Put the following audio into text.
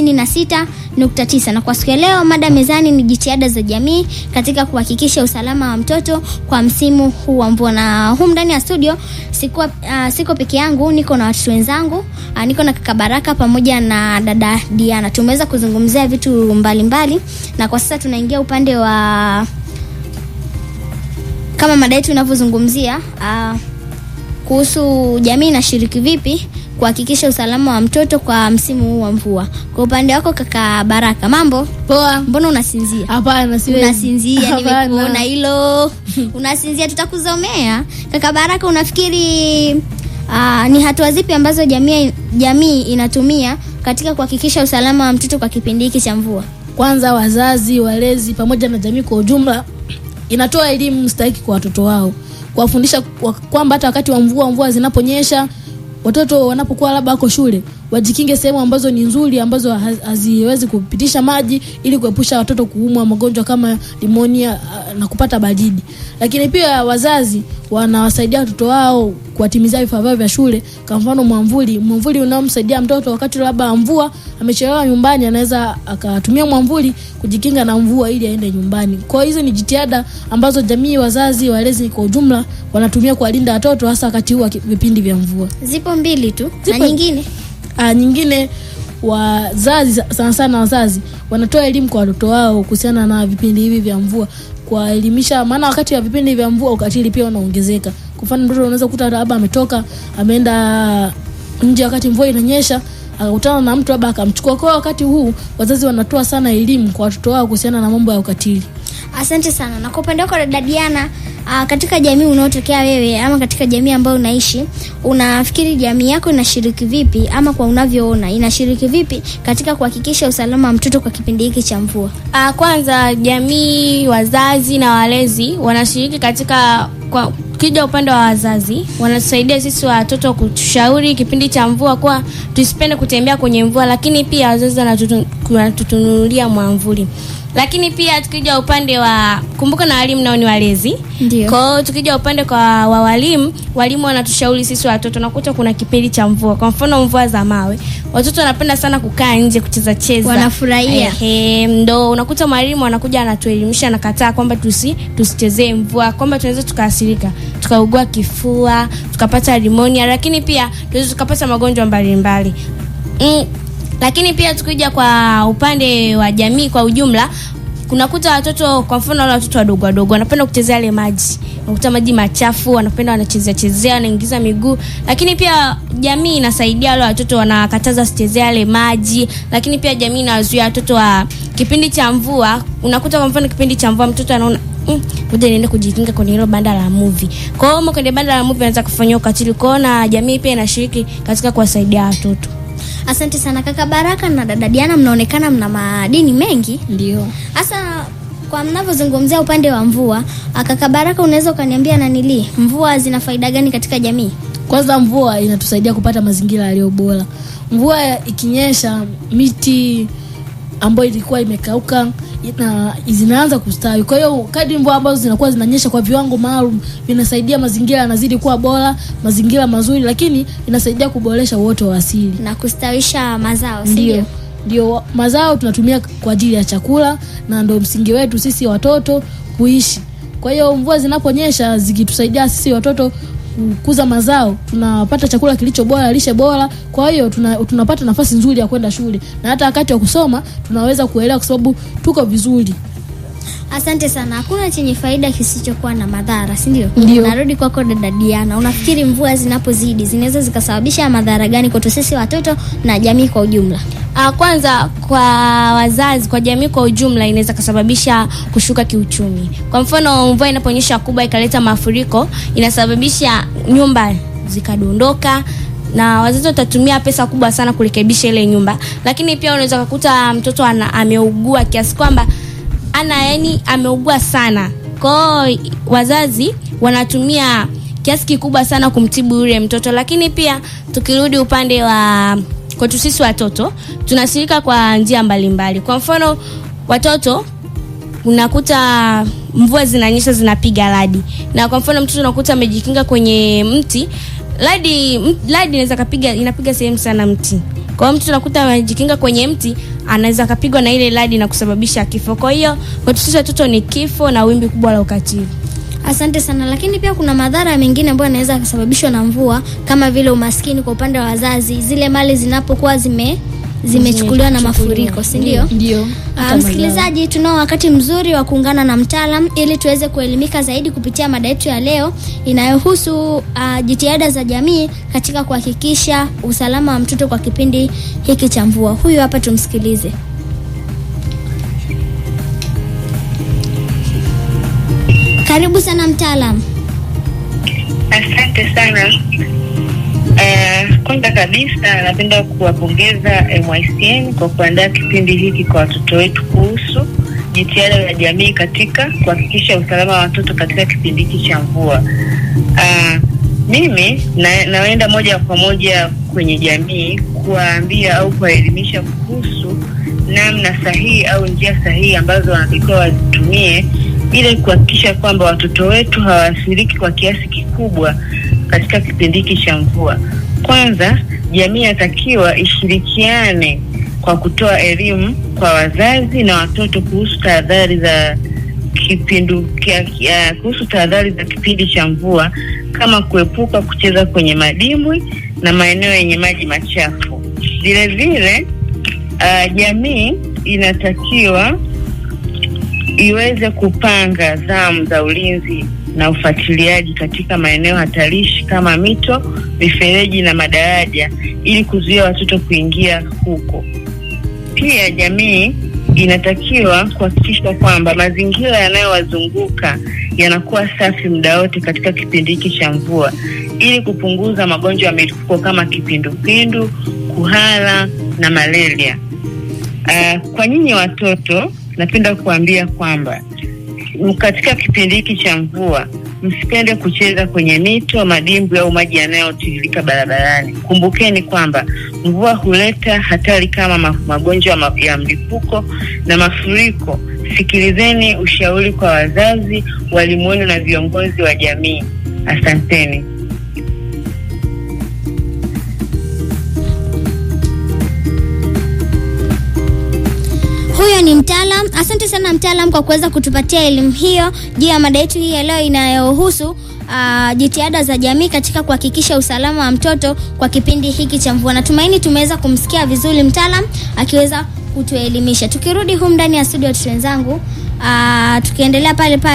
96.9. na kwa siku ya leo mada mezani ni jitihada za jamii katika kuhakikisha usalama wa mtoto kwa msimu huu wa mvua. Na humu ndani ya studio sikuwa, uh, siko peke yangu, niko na watoto wenzangu uh, niko na kaka Baraka pamoja na dada Diana. Tumeweza kuzungumzia vitu mbalimbali mbali, na kwa sasa tunaingia upande wa kama mada yetu inavyozungumzia uh, kuhusu jamii inashiriki vipi kuhakikisha usalama wa mtoto kwa msimu huu wa mvua. Kwa upande wako kaka Baraka, mambo poa? Mbona unasinzia? Hapana, siwezi. Unasinzia, nimekuona hilo. Unasinzia, tutakuzomea. Kaka Baraka, unafikiri aa, ah, ni hatua zipi ambazo jamii jamii inatumia katika kuhakikisha usalama wa mtoto kwa kipindi hiki cha mvua? Kwanza wazazi, walezi pamoja na jamii kwa ujumla inatoa elimu stahiki kwa watoto wao, kuwafundisha kwamba hata wakati wa mvua, mvua zinaponyesha watoto wanapokuwa labda wako shule wajikinge sehemu ambazo ni nzuri, ambazo haziwezi kupitisha maji, ili kuepusha watoto kuumwa magonjwa kama limonia uh, na kupata baridi. Lakini pia wazazi wanawasaidia watoto wao kuwatimizia vifaa vyao vya shule. Kwa mfano mwamvuli, mwamvuli unaomsaidia mtoto wakati labda mvua amechelewa nyumbani, anaweza akatumia mwamvuli kujikinga na mvua ili aende nyumbani. Kwa hizo ni jitihada ambazo jamii, wazazi, walezi kwa ujumla wanatumia kuwalinda watoto, hasa wakati huu wa vipindi vya mvua. Zipo mbili tu zipo, na nyingine A, ah, nyingine wazazi sana sana wazazi wanatoa elimu kwa watoto wao kuhusiana na vipindi hivi vya mvua kuwaelimisha, maana wakati wa vipindi vya mvua ukatili pia unaongezeka. Kwa mfano, mtoto unaweza kukuta labda ametoka ameenda nje wakati mvua inanyesha akakutana na mtu labda akamchukua. Kwa wakati huu wazazi wanatoa sana elimu kwa watoto wao kuhusiana na mambo ya ukatili. Asante sana. Na kwa upande wako dada Diana, uh, katika jamii unaotokea wewe ama katika jamii ambayo unaishi, unafikiri jamii yako inashiriki vipi ama kwa unavyoona inashiriki vipi katika kuhakikisha usalama wa mtoto kwa kipindi hiki cha mvua? Uh, kwanza jamii, wazazi na walezi wanashiriki katika kwa kija upande wa wazazi wanatusaidia sisi watoto kutushauri kipindi cha mvua kuwa tusipende kutembea kwenye mvua, lakini pia wazazi wanatutunulia mwamvuli. Lakini pia tukija upande wa kumbuka, na walimu nao ni walezi. Kwa hiyo tukija upande kwa wa walimu, walimu wanatushauri sisi watoto, nakuta kuna kipindi cha mvua, kwa mfano mvua za mawe, watoto wanapenda sana kukaa nje kucheza cheza, wanafurahia ndo unakuta mwalimu anakuja anatuelimisha, anakataa kwamba tusi tusichezee mvua, kwamba tunaweza tukaasirika, tukaugua kifua, tukapata limonia, lakini pia tunaweza tukapata magonjwa mbalimbali mm. Lakini pia tukija kwa upande wa jamii kwa ujumla, kunakuta watoto kwa mfano wale watoto wadogo wadogo wanapenda kuchezea yale maji, unakuta maji machafu, wanapenda wanachezea chezea, wanaingiza miguu. Lakini pia jamii inasaidia wale watoto, wanakataza wasichezea yale maji. Lakini pia jamii inawazuia watoto wa kipindi cha mvua, unakuta kwa mfano kipindi cha mvua mtoto anaona kuja mm, niende kujikinga kwenye hilo banda la muvi Kwa hiyo kwenye banda la muvi anaweza kufanyia ukatili kwao, na jamii pia inashiriki katika kuwasaidia watoto. Asante sana kaka Baraka na dada Diana, mnaonekana mna madini mengi. Ndio hasa kwa mnavyozungumzia upande wa mvua. Ah, kaka Baraka, unaweza ukaniambia nanili, mvua zina faida gani katika jamii? Kwanza mvua inatusaidia kupata mazingira yaliyo bora. Mvua ikinyesha miti ambayo ilikuwa imekauka na zinaanza kustawi. Kwa hiyo kadri mvua ambazo zinakuwa zinanyesha kwa viwango maalum vinasaidia mazingira yanazidi kuwa bora, mazingira mazuri, lakini inasaidia kuboresha uoto wa asili na kustawisha mazao, sio ndio mazao tunatumia kwa ajili ya chakula na ndio msingi wetu sisi watoto kuishi. Kwa hiyo mvua zinaponyesha zikitusaidia sisi watoto kukuza mazao, tunapata chakula kilicho bora, lishe bora. Kwa hiyo tuna, tunapata nafasi nzuri ya kwenda shule na hata wakati wa kusoma tunaweza kuelewa, kwa sababu tuko vizuri. Asante sana. Hakuna chenye faida kisichokuwa na madhara, si ndio? Narudi kwako dada Diana, unafikiri mvua zinapozidi zinaweza zikasababisha madhara gani kwetu sisi watoto na jamii kwa ujumla? Ah, kwanza kwa wazazi, kwa jamii kwa ujumla, inaweza kasababisha kushuka kiuchumi. Kwa mfano, mvua inaponyesha kubwa ikaleta mafuriko, inasababisha nyumba zikadondoka na wazazi watatumia pesa kubwa sana kurekebisha ile nyumba. Lakini pia unaweza kukuta mtoto ana, ameugua kiasi kwamba ana yani ameugua sana kwao, wazazi wanatumia kiasi kikubwa sana kumtibu yule mtoto. Lakini pia tukirudi upande wa kwetu sisi watoto tunashirika kwa njia mbalimbali. Kwa mfano watoto unakuta mvua zinanyesha zinapiga radi, na kwa mfano mtoto unakuta amejikinga kwenye mti, radi radi inaweza kapiga, inapiga sehemu sana mti. Kwa hiyo unakuta amejikinga kwenye mti, anaweza kapigwa na ile radi na kusababisha kifo. Kwa hiyo kwa sisi watoto ni kifo na wimbi kubwa la ukatili. Asante sana, lakini pia kuna madhara mengine ambayo yanaweza kusababishwa na mvua kama vile umaskini kwa upande wa wazazi, zile mali zinapokuwa zime zimechukuliwa na mafuriko, si ndio? Ndio. Ah, msikilizaji, tunao wakati mzuri wa kuungana na mtaalam ili tuweze kuelimika zaidi kupitia mada yetu ya leo inayohusu uh, jitihada za jamii katika kuhakikisha usalama wa mtoto kwa kipindi hiki cha mvua. Huyu hapa tumsikilize. Karibu sana mtaalam. Asante sana. Uh, kwanza kabisa napenda kuwapongeza MICN kwa kuandaa kipindi hiki kwa watoto wetu kuhusu jitihada za jamii katika kuhakikisha usalama wa watoto katika kipindi hiki cha mvua. Uh, mimi na, naenda moja kwa moja kwenye jamii kuwaambia au kuwaelimisha kuhusu namna sahihi au njia sahihi ambazo wanatakiwa wazitumie ili kuhakikisha kwamba watoto wetu hawaathiriki kwa kiasi kikubwa katika kipindi hiki cha mvua. Kwanza, jamii inatakiwa ishirikiane kwa kutoa elimu kwa wazazi na watoto kuhusu tahadhari za kipindu kuhusu tahadhari za kipindi cha mvua kama kuepuka kucheza kwenye madimbwi na maeneo yenye maji machafu. Vilevile uh, ah, jamii inatakiwa iweze kupanga zamu za ulinzi na ufuatiliaji katika maeneo hatarishi kama mito, mifereji na madaraja ili kuzuia watoto kuingia huko. Pia jamii inatakiwa kuhakikisha kwamba mazingira yanayowazunguka yanakuwa safi muda wote katika kipindi hiki cha mvua ili kupunguza magonjwa ya milipuko kama kipindupindu, kuhara na malaria. Uh, kwa nyinyi watoto napenda kuambia kwamba katika kipindi hiki cha mvua msipende kucheza kwenye mito, madimbwi au maji yanayotiririka barabarani. Kumbukeni kwamba mvua huleta hatari kama magonjwa ya mlipuko na mafuriko. Sikilizeni ushauri kwa wazazi, walimu wenu na viongozi wa jamii. Asanteni. ni mtaalam. Asante sana mtaalam kwa kuweza kutupatia elimu hiyo juu ya mada yetu hii ya leo inayohusu uh, jitihada za jamii katika kuhakikisha usalama wa mtoto kwa kipindi hiki cha mvua. Natumaini tumeweza kumsikia vizuri mtaalam akiweza kutuelimisha. Tukirudi humu ndani ya studio wenzangu, uh, tukiendelea pale pale